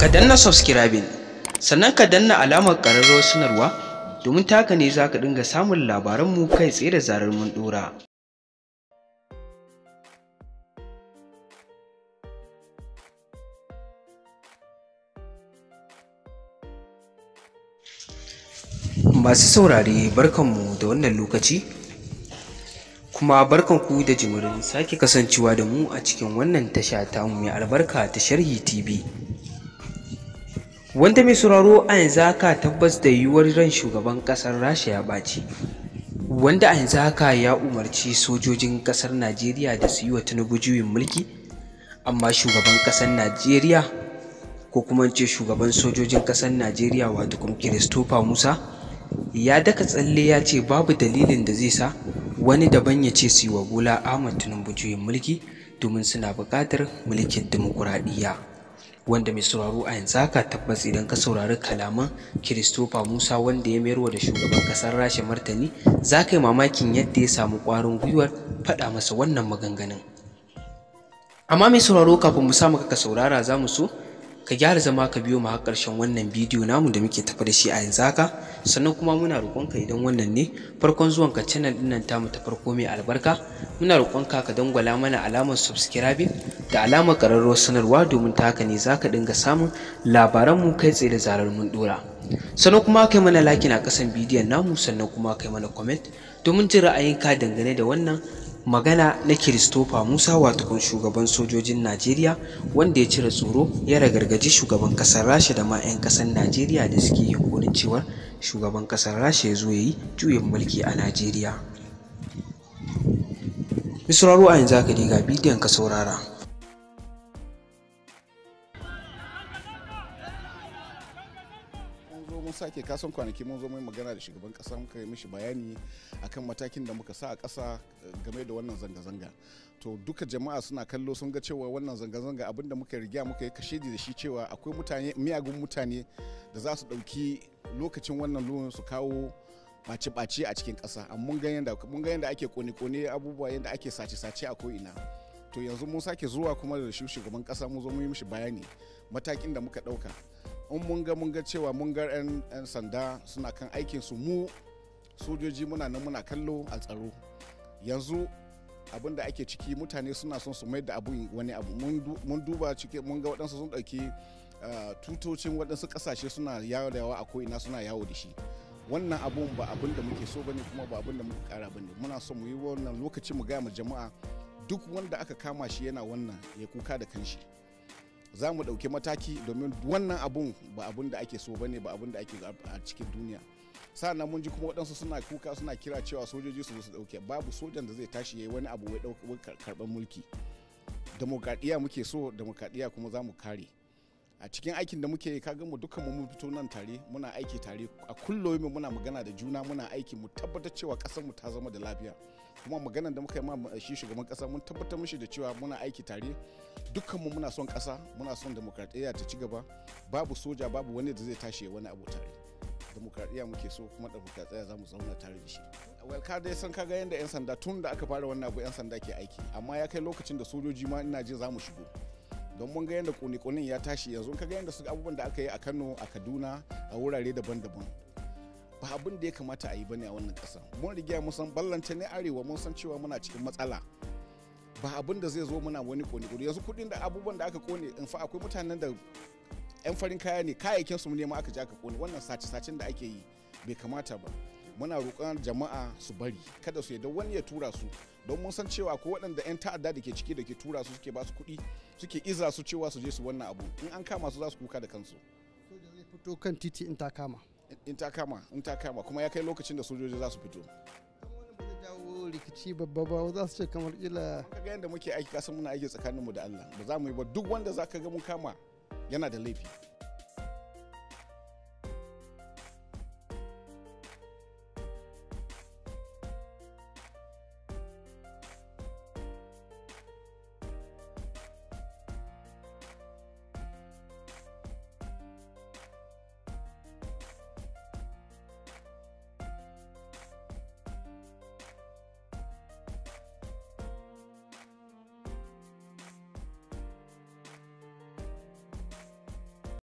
ka danna subscribing sannan ka danna alamar ƙararrawar sanarwa domin taka ne za ka dinga samun mu kai tsaye da zarar mun dora masu saurare barkanmu da wannan lokaci kuma barkanku da jimirin sake kasancewa da mu a cikin wannan tasha ta mai albarka ta sharhi tv wanda mai sauraro a yanzu haka tabbas da yiwuwar ran shugaban kasar rasha ya ɓaci wanda a yanzu haka ya umarci sojojin kasar najeriya da su yi wa tinubu juyin mulki amma shugaban kasar najeriya ko kuma ce shugaban sojojin kasar najeriya wato kuma christopher musa ya daka tsalle ya ce babu dalilin da zai sa wani daban ya ce su yi wa bola ahmad tinubu juyin mulki domin suna buƙatar mulkin dimokuraɗiyya wanda mai sauraro a yanzu haka tabbas idan ka saurari kalaman Christopher Musa wanda ya mayarwa da shugaban kasar Rasha martani za ka yi mamakin yadda ya samu ƙwarin gwiwar faɗa masa wannan maganganun. Amma mai sauraro kafin mu samu ka saurara za mu so ka gyara zama ka biyo mu har ƙarshen wannan bidiyo namu da muke tafa da shi a yanzu haka sannan kuma muna roƙonka idan wannan ne farkon zuwan ka channel ɗin nan tamu ta farko mai albarka muna roƙonka ka dangwala mana alamar subscribing da alamar ƙararrawar sanarwa domin ta haka ne za ka dinga samun labaran mu kai tsaye da zarar mun ɗora, sannan kuma kai mana like na ƙasan bidiyon namu sannan kuma kai mana comment domin jin ra'ayinka dangane da wannan magana na Christopher Musa wato shugaban sojojin Najeriya wanda ya cire tsoro ya ragargaji shugaban kasar Rasha da ma 'yan kasar Najeriya da suke yunkurin cewar shugaban kasar Rasha ya zo ya yi juyin mulki a Najeriya. misrarwa a yanzu aka dai ga bidiyon ka saurara. mun sake kasan kwanaki mun zo mai magana da shugaban kasa muka yi mishi bayani akan matakin da muka sa a kasa eh, game da wannan zanga-zanga to duka jama'a suna kallo sun ga cewa wannan zanga-zanga abinda muka riga muka yi kashedi da shi cewa akwai mutane miyagun mutane da za su ɗauki lokacin wannan lumin su kawo ɓace-ɓace a cikin kasa amma mun ga yadda ake kone-kone abubuwa yadda ake sace-sace a ko'ina to yanzu mun sake zuwa kuma da shi shugaban ƙasa mun zo mun yi mishi bayani matakin da muka ɗauka in mun ga mun ga cewa mun ga 'yan sanda suna kan aikin su mu sojoji muna nan muna kallo a tsaro yanzu abin da ake ciki mutane suna son su mai da abu wani abu mun duba ciki mun ga waɗansu sun ɗauki ah, tutocin waɗansu ƙasashe suna yawo da yawa a ko'ina suna yawo da shi wannan abun ba abin da muke so bane kuma ba abin da muka kara bane muna so mu yi wannan lokaci mu gaya ma jama'a duk wanda aka kama shi yana wannan ya kuka da kanshi za mu ɗauki mataki domin wannan abun ba abun da ake so bane ba abun da ake a cikin duniya sa'an mun ji kuma waɗansu suna kuka suna kira cewa sojoji su su ɗauke babu sojan da zai tashi ya yi wani abu wai karɓar mulki demokradiyya muke so demokradiyya kuma za mu kare a cikin aikin da muke kaga mu dukkan mu fito nan tare muna aiki tare a kullum muna magana da juna muna aiki mu tabbatar cewa kasar mu ta zama da lafiya kuma maganar da muka yi ma shi shugaban kasa mun tabbatar mishi da cewa muna aiki tare dukkan mu muna son kasa muna son demokradiyya ta ci gaba babu soja babu wani da zai tashi wani abu tare demokradiyya muke so kuma demokradiyya za mu zauna tare da shi well ka dai san kaga yanda yan sanda tun da aka fara wannan abu yan sanda ke aiki amma ya kai lokacin da sojoji ma ina je za mu shigo don mun ga yadda kunikunin ya tashi yanzu ka ga yadda su abubuwan da aka yi a kano a kaduna a wurare daban-daban ba abin da ya kamata a yi bane a wannan ƙasa mun riga mun san ballanta ne arewa mun san cewa muna cikin matsala ba abin da zai zo muna wani kone yanzu kuɗin da abubuwan da aka kone in fa akwai mutanen da yan farin kaya ne kayayyakin su ne ma aka ji aka kone wannan sace-sacen da ake yi bai kamata ba muna roƙon jama'a su bari kada su yadda wani ya tura su don mun san cewa ko waɗanda 'yan ta'adda da ke ciki da ke tura su suke ba su kuɗi suke iza su cewa su je su wannan abu in an kama su za su kuka da kansu soja fito kan titi in ta kama kuma ya kai lokacin da sojoji za su fito rikici babba ba za su ce kamar kila kaga yadda muke aiki kasan muna aiki tsakaninmu da Allah ba za mu yi ba duk wanda za ka ga mun kama yana da laifi